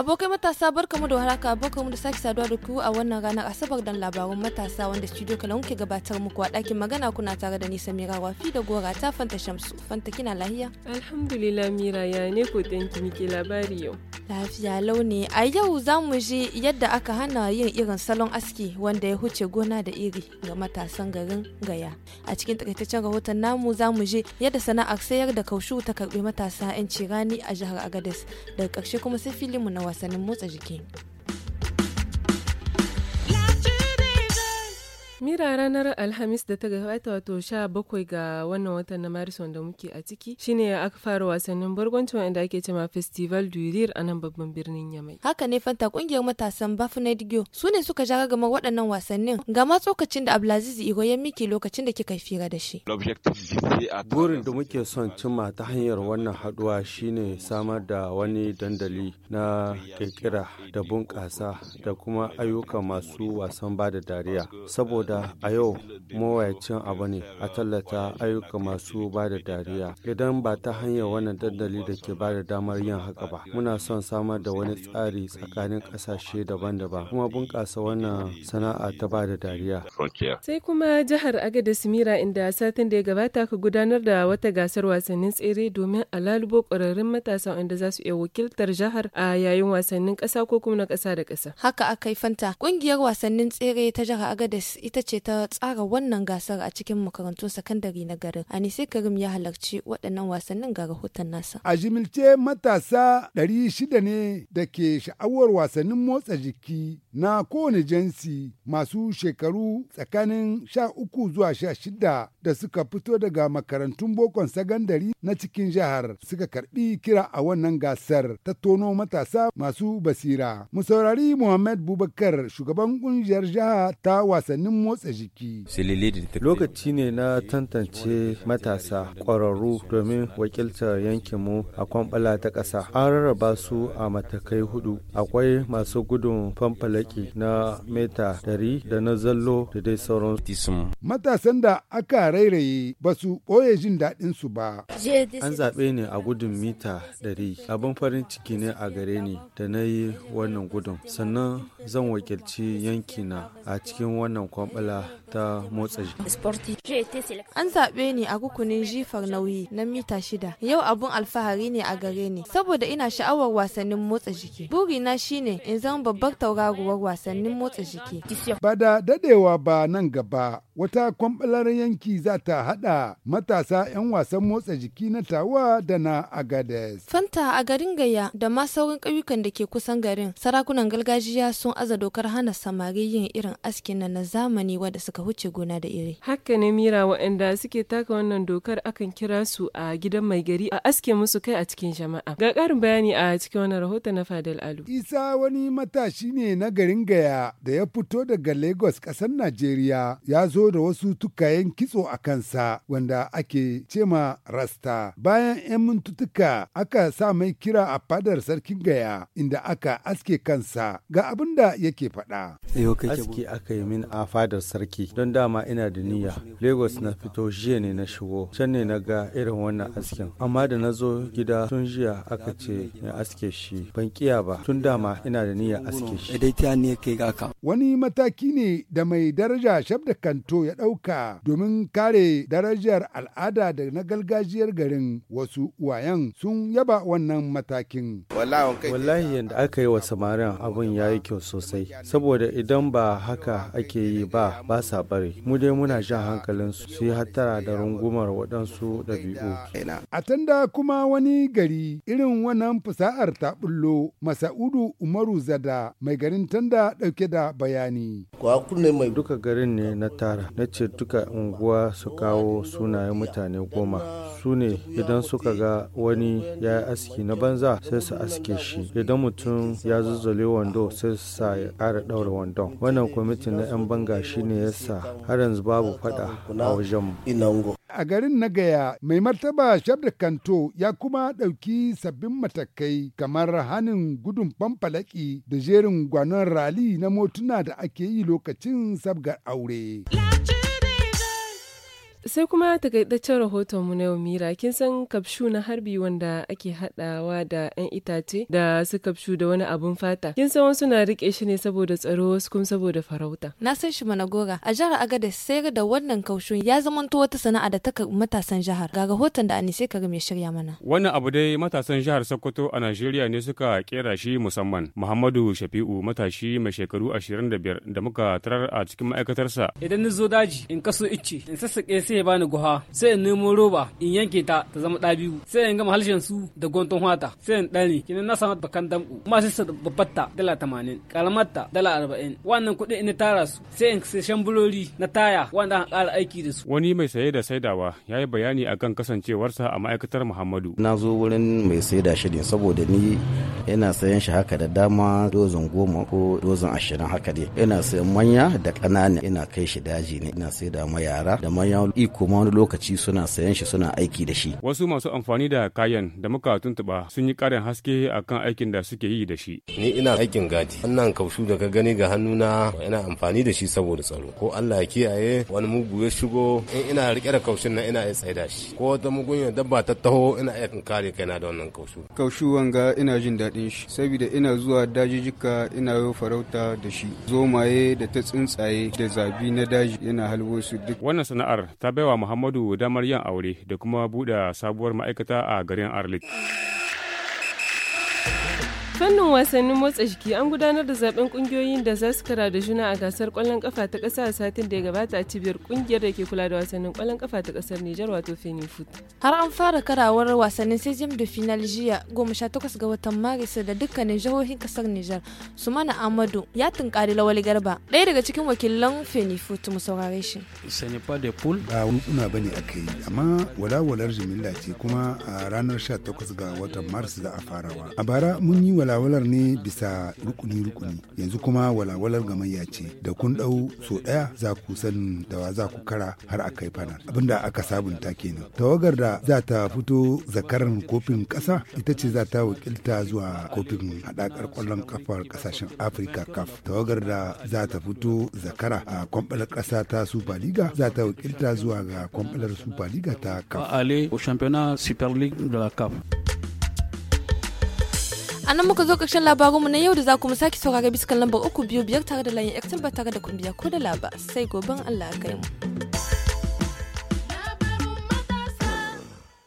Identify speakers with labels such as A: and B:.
A: abokai matasa barkamu da haraka abokanmu da sake saduwa da ku a wannan ranar asabar dan labarun matasa wanda studio kalan ke gabatar muku a ɗakin magana kuna tare da nisa mira wafi da gora ta fanta shamsu fanta kina lahiya
B: alhamdulillah mira ya ne ko ki muke labari yau
A: Lafiya launi a yau za mu ji yadda aka hana yin irin salon aski wanda ya huce gona da iri ga matasan garin Gaya. A cikin takaitaccen rahoton namu za mu ji yadda sana'ar sayar da kaushu ta karbi matasa 'yanci rani a jihar Agadez. Daga ƙarshe kuma sai filinmu na wasannin motsa jiki. Mira ranar Alhamis
B: da ta gabata wato sha bakwai ga wannan watan na Maris wanda muke a ciki shine aka fara wasannin bargwanci wanda ake cema Festival du Rire a nan babban birnin Yamai.
A: Haka ne fanta kungiyar matasan Bafnet Gyo su ne suka ja gama waɗannan wasannin ga ma tsokacin da Abdulaziz Igo ya miki lokacin da kika fira da shi.
C: Burin da muke son cimma ta hanyar wannan haduwa shine samar da wani dandali na kirkira da bunƙasa da kuma ayyuka masu wasan ba da dariya saboda da a yau mawayacin abu ne a tallata ayyuka masu ba da dariya idan ba ta hanyar wannan dandali da ke ba da damar yin haka ba muna son samar da wani tsari tsakanin kasashe daban-daban kuma bunƙasa wannan sana'a ta ba da dariya
B: sai kuma jihar agada mira inda satin da ya gabata ka gudanar da wata gasar wasannin tsere domin a lalubo ƙwararrun matasa wanda za su iya wakiltar jihar a yayin wasannin ƙasa ko kuma na kasa da
A: ƙasa haka aka yi fanta ƙungiyar wasannin tsere ta jihar agada ita ita ce ta tsara wannan gasar a cikin makarantun sakandare na garin. Anise Karim ya halarci waɗannan wasannin ga rahoton nasa.
D: A jimilce matasa 600 ne da ke sha'awar wasannin motsa jiki na kowane jinsi masu shekaru tsakanin sha zuwa sha da suka fito daga makarantun bokon sagandari na cikin jihar suka karbi kira a wannan gasar ta tono matasa masu basira. Mu saurari Muhammad Bubakar shugaban kungiyar jiha ta wasannin motsa
C: jiki. Lokaci ne na tantance matasa ƙwararru domin wakiltar yankinmu a kwamfala ta ƙasa. An rarraba su a matakai hudu. Akwai masu gudun famfalaki na meta dari da na zallo da dai sauransu.
D: Matasan da aka suka rairaye ba su ɓoye jin daɗin su ba. An
C: zaɓe ni a gudun mita ɗari. Abin farin ciki ne a gare ni da na yi wannan gudun. Sannan zan wakilci yankina a cikin wannan kwamɓala ta motsa
A: jiki. An zaɓe ni a rukunin jifar nauyi na mita shida. Yau abun alfahari ne a gare ni saboda ina sha'awar wasannin motsa jiki. Burina shine in zan babbar tauraruwar wasannin motsa jiki.
D: Ba da dadewa ba nan gaba wata kwamɓalar yanki za ta haɗa matasa 'yan wasan motsa jiki na tawa da na agades.
A: Fanta a garin gaya da ma sauran ƙauyukan da ke kusan garin sarakunan gargajiya sun aza dokar hana samari yin irin askin nan na zamani wanda suka wuce gona da iri.
B: Haka ne mira waɗanda suke taka wannan dokar akan kira su a gidan mai gari a aske musu kai a cikin jama'a. Ga ƙarin bayani a cikin wannan rahoton na fadal Alu.
D: Isa wani matashi ne na garin gaya da ya fito daga Lagos ƙasar Najeriya ya zo da wasu tukayen kitso a kansa wanda ake cema rasta. Bayan 'yan mintutuka aka sa mai kira a fadar sarkin gaya inda aka aske kansa ga abin da yake faɗa. Aski
C: aka yi min a fadar sarki don dama ina da niyya. Lagos na fito jiya ne na shigo, can ne na ga irin wannan askin. Amma da na zo gida tun jiya aka ce ya aske shi ban kiya ba tun dama ina da niyya aske shi.
D: Wani mataki ne da mai daraja Shabda Kanto ya ɗauka domin kare darajar al'ada da na gargajiyar garin wasu wayan sun yaba wannan matakin.
C: Wallahi yadda aka yi wa samarin abin ya yi kyau sosai, saboda idan ba haka ake yi ba ba sa bari. Mu dai muna shan hankalin su yi hattara da rungumar waɗansu ɗabi'u.
D: A tanda kuma wani gari irin wannan fasa'ar ta bullo Masa'udu Umaru Zada mai garin tanda ɗauke da bayani.
C: Duka garin ne na tara, na ce duka unguwa su kawo sunayen mutane goma su ne idan suka ga wani ya yi aski na banza sai su aske shi idan mutum ya zuzzule wando sai su sa ya ƙara ɗaura wandon wannan kwamitin na 'yan banga shi shine ya har yanzu babu faɗa a wajen
D: a garin na gaya mai martaba shabda kanto ya kuma ɗauki sabbin matakai kamar hanin gudun famfalaki da jerin gwanon
B: rali na motuna da ake yi lokacin sabgar aure. Sai kuma takaitaccen rahoton mu na yau Mira, kin san kafshu na harbi wanda ake haɗawa da 'yan itace da su kafshu da wani abun fata. Kin san wasu na rike shi ne saboda tsaro wasu kuma saboda farauta.
A: Na san shi mana gora A jihar agada sayar da wannan kaushun ya zamanto wata sana'a da ta matasan jihar. Ga rahoton da Anise Karim ya shirya mana.
B: wannan abu
C: dai matasan jihar Sokoto a Najeriya ne suka kera shi musamman. Muhammadu Shafi'u matashi mai shekaru ashirin da biyar da muka tarar a cikin ma'aikatarsa.
B: Idan ni zo daji in kaso icce in sassaƙe sai ya bani guha sai in nemo roba in yanke ta ta zama ɗa biyu sai in gama halshen su da gonton hata sai in ɗani kinan na samu bakan damu ma sai su babbatta dala tamanin karamarta dala arba'in wannan kuɗi in tara su sai in sai shambulori na taya wanda an ƙara aiki
C: da su. wani mai saye da saidawa ya yi bayani akan kasancewarsa a ma'aikatar muhammadu. na zo wurin mai saida shirin shirin saboda ni yana sayan shi haka da dama dozin goma ko dozin ashirin haka ne ina sayan manya da ƙanana ina kai shi daji ne ina saida da yara da manya kuɗi kuma wani lokaci suna sayan shi suna aiki da shi. Wasu masu amfani da kayan da muka tuntuɓa sun yi ƙarin haske akan aikin da suke yi da shi. Ni ina aikin gadi. Wannan kaushu da ka gani ga hannuna ina amfani da shi saboda tsaro. Ko Allah ya kiyaye wani mugu ya shigo in ina rike da kaushin nan ina iya da shi. Ko wata mugun mugunya dabba ta taho ina iya kare kaina da wannan kaushu. Kaushu wanga ina jin daɗin shi saboda ina zuwa dajijika ina yau farauta da shi. Zomaye da ta tsuntsaye da zabi na daji yana halwo su duk. Wannan sana'ar ta ta baiwa Muhammadu damar yin aure da kuma buɗe sabuwar ma'aikata a garin Arlit.
B: fannin wasannin motsa jiki an gudanar da zaben kungiyoyin da za su kara da juna a gasar kwallon kafa ta kasa a satin da ya gabata a cibiyar kungiyar da ke kula da wasannin kwallon kafa ta kasar Nijar wato Foot.
A: Har an fara karawar wasannin Sejim da Final jiya 18 ga watan Maris da dukkanin jihohin kasar Nijar. Sumana Amadu ya tunkari Lawali Garba, ɗaya daga cikin wakilan Foot mu saurare shi.
C: Sanifa de
D: Pool ba wuna bane aka yi amma walawalar jimilla ce kuma a ranar 18 ga watan Maris za a farawa. A bara mun yi wala. walawalar ne bisa rukuni-rukuni yanzu kuma walawalar gamayya ce da kun ɗau so ɗaya za ku san da wa za ku kara har a kai fana abinda aka sabunta kenan tawagar da za ta fito zakaran kofin ƙasa ita ce za ta wakilta zuwa kofin haɗakar kwallon kafar ƙasashen afirka kaf tawagar da za ta fito zakara a kwamfalar ƙasa ta super liga za ta wakilta zuwa ga kwamfalar super liga ta
C: kaf. Ale au championnat super league de la
A: a nan muka zo ƙarshen labarinmu na yau da za mu sake saurara bisa lambar uku biyu biyar tare da layin ba tare da kumbiya ko da laba sai goben allah kai mu